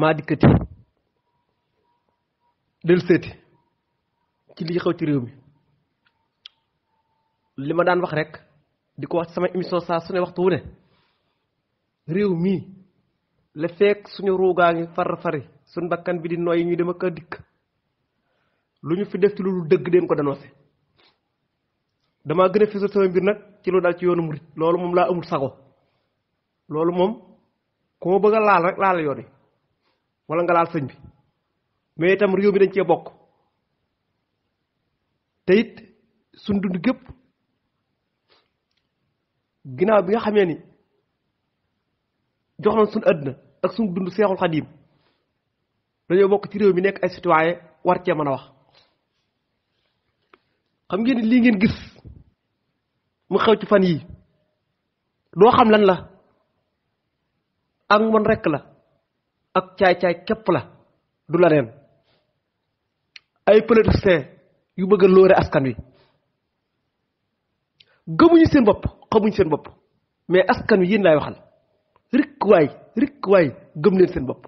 maa dikkati del ci li xew ci réew mi li ma daan wax rek di ko wax ci sama émission saa su ne waxtu wu ne réew mii la fekk suñu ruugaa ngi far-fari bakkan bi di noyyi ñuy dama ak dikk lu ñu fi def ci lu dëgg den ko dénoncé damaa gën a fisal sama mbir nag ci lu daal ci yoonu murit loolu moom laa amul sago loolu moom ku ma bëgg a laal rek laal yoon yi wala nga laal sëñ bi mais itam réew mi dañ cee bokk te it suñ dund gépp ginnaaw bi nga xamee ni jox nañ suñ àddina ak suñ dund seexul xadiim dañoo bokk ci réew mi nekk ay citoyen war cee mën a wax xam ngeen ni lii ngeen gis mu xew ci fan yii doo xam lan la ak man rekk la ak caay-caay kepp la du la neen ay politiciens yu bëgg a lóore askan wi gëmuñu seen bopp xamuñu seen bopp mais askan wi yéen laay waxal rikk waay rikk waay gëm leen seen bopp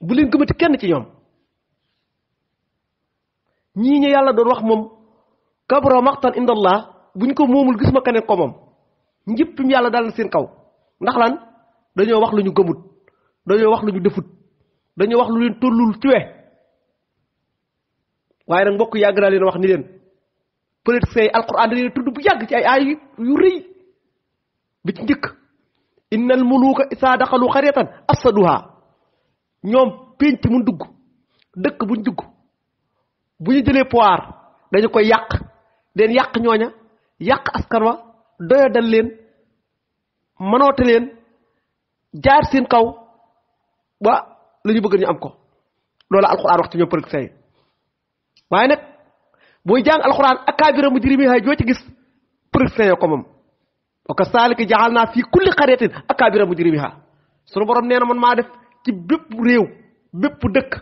bu leen gëmati kenn ci ñoom ñii ñu yàlla doon wax moom kabura maqtan indallah bu ñu ko moomul gis ma ko moom njëppim yàlla daal na seen kaw ndax lan dañoo wax lu ñu gëmut dañoo wax lu ñu defut dañoo wax lu leen tollul ci we waaye nag mbokk yàgg naa leen wax ni leen politiciens yi alquran da leen tudd bu yàgg ci ay ay yu rëy bi ci njëkk innal muluuka isaa daxalu xaryatan afsaduha ñoom pénc mu dugg dëkk buñ dugg bu ñu jëlee pouvoir dañu koy yàq den yàq ñooña yàq askan wa doyadal leen mënoote leen jaar seen kaw ba la ñu bëgg ñu am ko loolu alxuraan wax ci ñoom përëg say waaye nag mooy jàng alxuraan akaabira mujrimiha joo ci gis përëg sayoo ko moom wa kasaalika ja'alnaa fii kulli qaryatin akaabira mujrimiha sunu borom nee na man maa def ci bépp réew bépp dëkk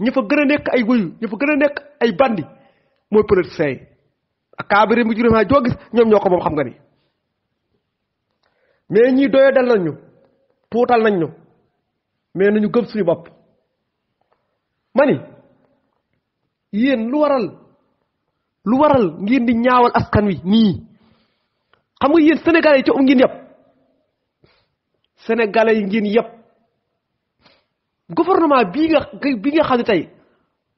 ñi fa gën a nekk ay wëyu ñi fa gën a nekk ay bandi mooy përëg say akaabira mujrimiha joo gis ñoom ñoo ko moom xam nga ni mais ñii doyoo dal nañu tuutal nañ ñu mais nañu gëm suñu bopp ma ni yéen lu waral lu waral ngeen di ñaawal askan wi nii xam nga yéen sénégalais yi ca um ngeen yëpp sénégalais yi ngeen yëpp gouvernement bii nga bi nga xam ne tey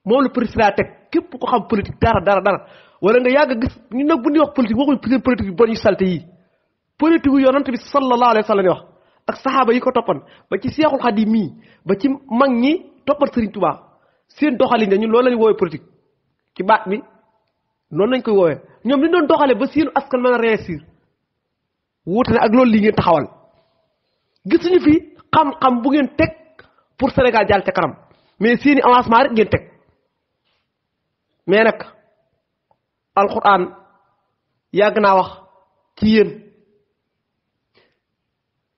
moom la président teg képp ko xam politique dara dara dara wala nga yàgg gis ñu nag bu ñuy wax politique waxuñu seen politique yu bon yu salte yi politique yu yonante bi sallallahu alayhi wa sallam wax ak saxaaba yi ko toppan ba ci seexul xadim mii ba ci mag ñi toppat Serigne Touba seen doxalin dañu loolu lañu woowee politique ci baat bi noonu lañ koy woowee ñoom li doon doxalee ba seenu askan mën a réussir wuute na ak loolu lii ngeen taxawal gisuñu fi xam-xam bu ngeen teg pour Sénégal jàll ca kanam mais seeni avancement rek ngeen teg mais nag alxuraan yàgg naa wax ci yéen.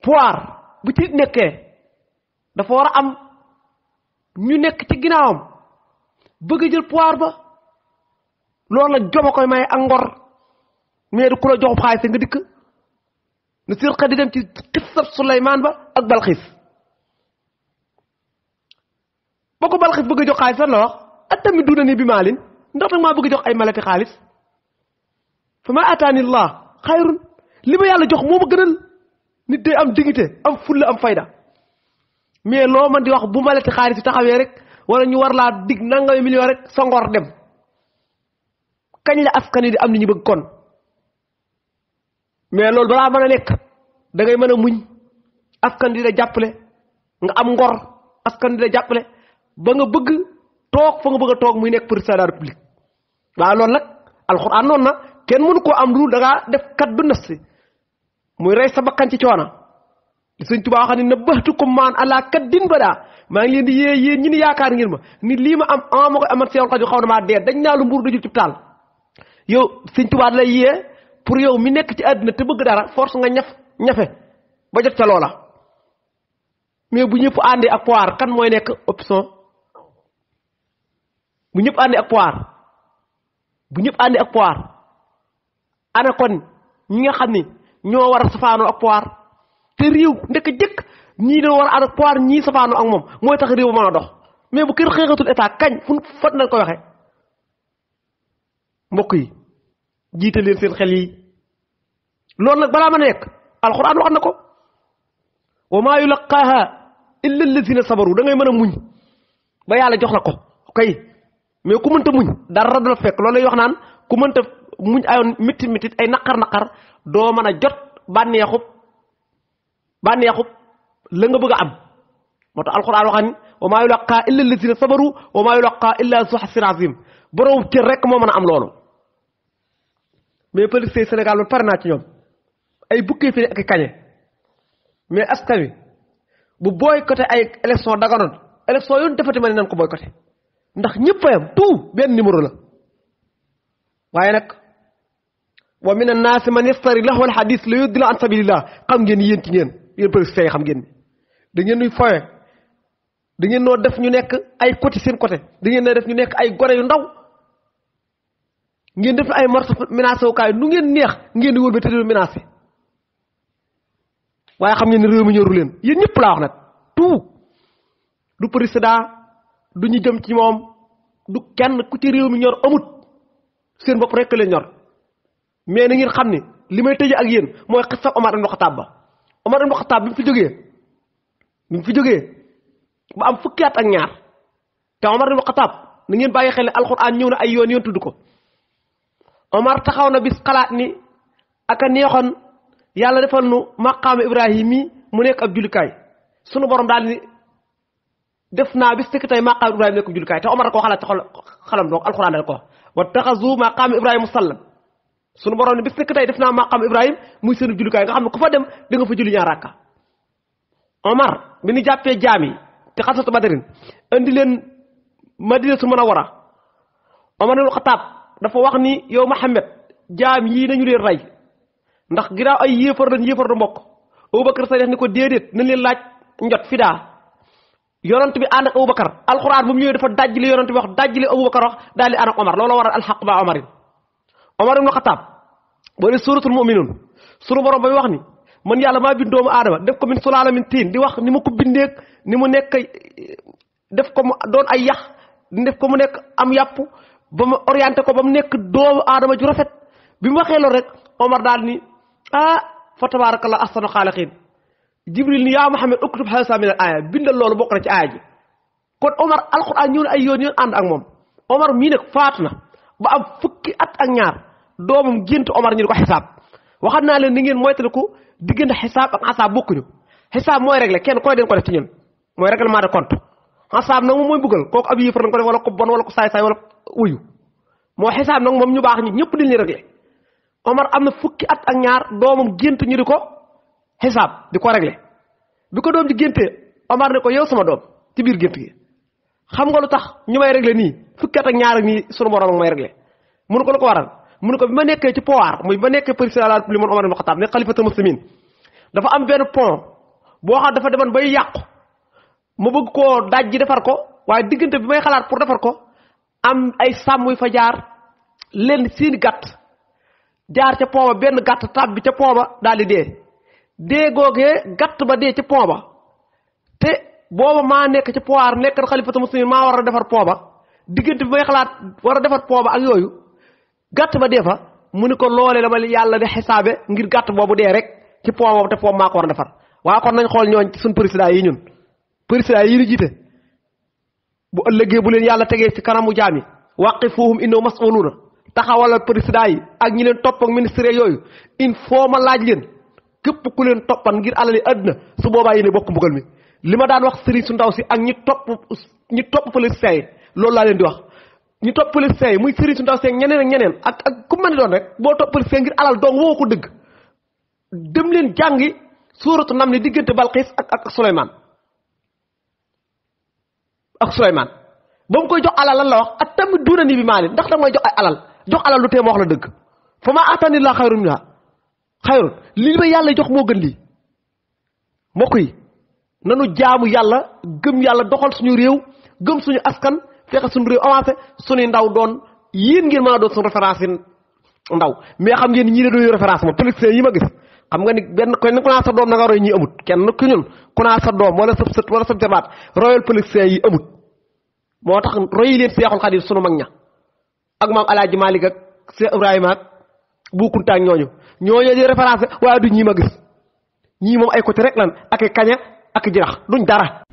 pouvoir bu ci nekkee dafa war a am ñu nekk ci ginnaawam bëgg jël pouvoir ba loolu la joma koy may ak ngor mu di ku la joxub xaalis nga dikk na sirqa di dem ci xissab Suleymaan ba ak Balxiis ba ko Balxiis bëgg jox xaalis lan la wax ak tamit duna ni bi maalin ndax nag maa bëgg jox ay malaki xaalis fa ma ataani llah xayrun li yàlla jox moo ma gënal nit day am dignité am fulla am fayda mais loo man di wax bu malati xaalis bi taxawee rek wala ñu war laa dig nangami million rek sa ngor dem kañ la askan wi di am li ñu bëgg kon mais loolu balaa mën a nekk da ngay mën a muñ askan wi da jàppale nga am ngor askan wi da jàppale ba nga bëgg toog fa nga bëgg a toog muy nekk président de la république waaw loolu nag alxuraan noonu na kenn mënu koo am lu da def kat bu nas muy rey sa bakkan ci coona li Sëñ Tuubaa wax ne na baxtu ko maan ala kat din ba daa maa ngi leen di yée yéen ñi ni yaakaar ngir ma ni lii ma am ama ah, ma koy amat seen xaju xaw na maa dee dañ naa lu mburu dajul ci taal yow Sëñ Tuubaa lay yée pour yow mi nekk ci àddina te bëgg dara force nga ñaf ñafe ba jot ca loola mais bu ñëpp àndee ak pouvoir kan mooy nekk option bu ñëpp àndee ak pouvoir bu ñëpp àndee ak pouvoir ana kon ñi nga xam ni ñoo war a safaanoo ak pouvoir te réew ndekk jëkk ñii dañoo war a ak pouvoir ñii safaanoo ak moom mooy tax réew mën a dox mais bu kër xeexatul état kañ fu fat nañ ko waxe mbokk yi jiite leen seen xel yi loolu nag balaa ma nekk alxuraan wax na ko wa maa yulaqaaha illa allazina sabaru da ngay mën a muñ ba yàlla jox la ko kay mais ku mënta muñ dara du fekk loolu lay wax naan ku mënta muñ ayoon mitti mitit ay naqar naqar doo mën a jot bànneexub bànneexub la nga bëgg a am moo tax alxuraan waxaan ni wa maa yulaqaa illa allazina sabaru wa maa yulaqaa illa zu hazzin aziim borom cër rek moo mën am loolu mais police Sénégal naa ci ñoom ay bukkee fi ne ak kañe askan wi bu boycotté ay élection daganoon élection yoon defati ma ne nan ko boycotté ndax ñëpp a yam tout benn numéro la waaye nag wa min annaasi man yastari lahu al hadis la yudilla an sabilillah xam ngeen yéen ci ngeen yéen politiciens yi xam ngeen da ngeen di foye da ngeen noo def ñu nekk ay côté seen côté di ngeen def ñu nekk ay gore yu ndaw ngeen def ay morte menacé ngeen neex ngeen di wóor ba tëdd menacé waaye xam ngeen ne réew mi ñoru leen yéen ñëpp laa wax nag tout du président du ñu jëm ci moom du kenn ku ci réew mi ñor amut seen bopp rek leen ñor mais na ngeen xam ne li may tëjee ak yéen mooy xisab Omar ibn Khattab ba Omar ibn Khattab bi mu fi jógee fi jógee ba am fukki at ak ñaar te Omar ibn Khattab na ngeen bàyyi xel ne alxuraan ñëw na ay yoon yoon tudd ko Omar taxaw na bis xalaat ni aka neexoon yàlla defal nu maqaama Ibrahim yi mu nekk ab jullikaay sunu borom daal ni def naa bis fekk tey maqaama Ibrahim nekk ab jullikaay te Omar koo xalaat ci xolam donc alxuraan dal ko wa taxazu maqaama Ibrahima sallam sunu borom ne bis nekk tey def naa maa maqam Ibrahim muy seen jullukaay nga xam ne ku fa dem da nga fa julli ñaar rakka Omar bi ñu jàppee jaam yi te xasatu badarin andi leen Madina su ma a war a Omar ibn Xataab dafa wax ni yow Muhammad jaam yii nañu leen rey ndax ginnaaw ay yéefar lañ yéefar du mbokk Abubakar Sadiq ni ko déedéet na leen laaj njot fi daa yonent bi ànd ak Abubakar alxuraan bu mu ñëwee dafa dajjale yonent bi wax dajjale Abubakar wax daal di ànd ak Omar Omar ibn Xataab boo dee suuratul mu'minuun suñu borom bay wax ni man yàlla maa bind doomu aadama def ko min sulaala min tiin di wax ni ma ko bindeeg ni mu nekk def ko mu doon ay yax def ko mu nekk am yàpp ba ma orienté ko ba mu nekk doomu aadama ju rafet bi mu waxee loolu rek Omar daal ni ah fa tabaarakallaahu ahsanu xaaliqiin Jibril ni yaa Muhammad uktub haazaa min al aaya bindal loolu bokk na ci aaya ji kon Omar alxuraan ñëw ay yoon yoon ànd ak moom Omar mii nag faatu na ba am fukki at ak ñaar. doomam gént Omar ñu di ko xisaab waxat naa leen ni ngeen moytaliku diggante xisaab ak asaab bokkuñu xisaab mooy réglé kenn koy den ko def ci ñun mooy règlement de compte asaab nag mooy buggal kooku ab yéefar ko def ko bon wala ko moo xisaab nag moom ñu baax ñi ñëpp dañ leen réglé Omar am na fukki at ak ñaar doomam gént ñu di ko xisaab di ko réglé bi ko doom ji géntee Omar ko yow sama doom ci biir gént gi xam nga lu tax ñu may réglé nii fukki at ñaar ak nii sunu borom ak may ko lu ko waral mu ne ko bi ma nekkee ci pouvoir muy bi ma nekkee président de la République man Omar ibn Khattab ne xalifatul dafa am benn pont boo xam dafa demoon bay yàqu ma bëgg koo daj ji defar ko waaye diggante bi may xalaat pour defar ko am ay sàmm yu fa jaar leen seen gàtt jaar ca pont benn gàtt tab bi ca pont ba daal di dee dee googee gàtt ba dee ca pont ba te booba maa nekk ci pouvoir nekk xalifatul muslimin maa war a defar pont ba diggante bi may xalaat war a defar pont ba ak yooyu gàtt ba dee fa mu ni ko loolee dama yàlla di xisaabe ngir gàtt boobu dee rek ci poom boobu te poom maa ko war a defar waaye kon nañ xool ñooñ suñ président yi ñun président yi ñu jiite bu ëllëgee bu leen yàlla tegee ci kanamu jaam yi waqifuhum innahum mas'uluuna taxawalal président yi ak ñi leen toppook ak yooyu il faut ma laaj leen képp ku leen toppan ngir alali àdduna su boobaa yéen bokk mbugal mi li ma daan wax sëriñ su ndaw si ak ñi topp ñi topp politicien yi loolu laa leen di wax ñu topp politiciens yi muy Serigne su ndaw seeg ñeneen ak ñeneen ak ak ku mën doon rek boo topp politicien ngir alal doo woo ko dëgg dem leen jàngi suuratu nam li diggante Balxiis ak ak Souleymane ba mu koy jox alal lan la wax ak tamit duuna ni bi maa ndax da may jox ay alal jox alal lu tee wax la dëgg fa maa aataani laa xayrun minhaa xayrun li ma yàlla jox moo gën lii mbokk yi nanu jaamu yàlla gëm yàlla doxal suñu réew gëm suñu askan fexe suñu réew avancé suñuy ndaw doon yéen ngeen mën a doon suñu référence yi ndaw mais xam ngeen ñii ne doo yu référence moom yi ma gis xam nga ni benn koy na ku naa sa doom na nga roy ñi amut kenn ku ñun ku naa sa doom wala sa sët wala sa jabaat royal politiciens yi amut moo tax royi leen seexul xadim sunu mag ña ak maam alaaji Malik ak Cheikh Ibrahima ak Bu Kunta ak ñooñu ñooñu di référence waaye du ñii ma gis ñii moom ay côté rek lan ak kaña duñ dara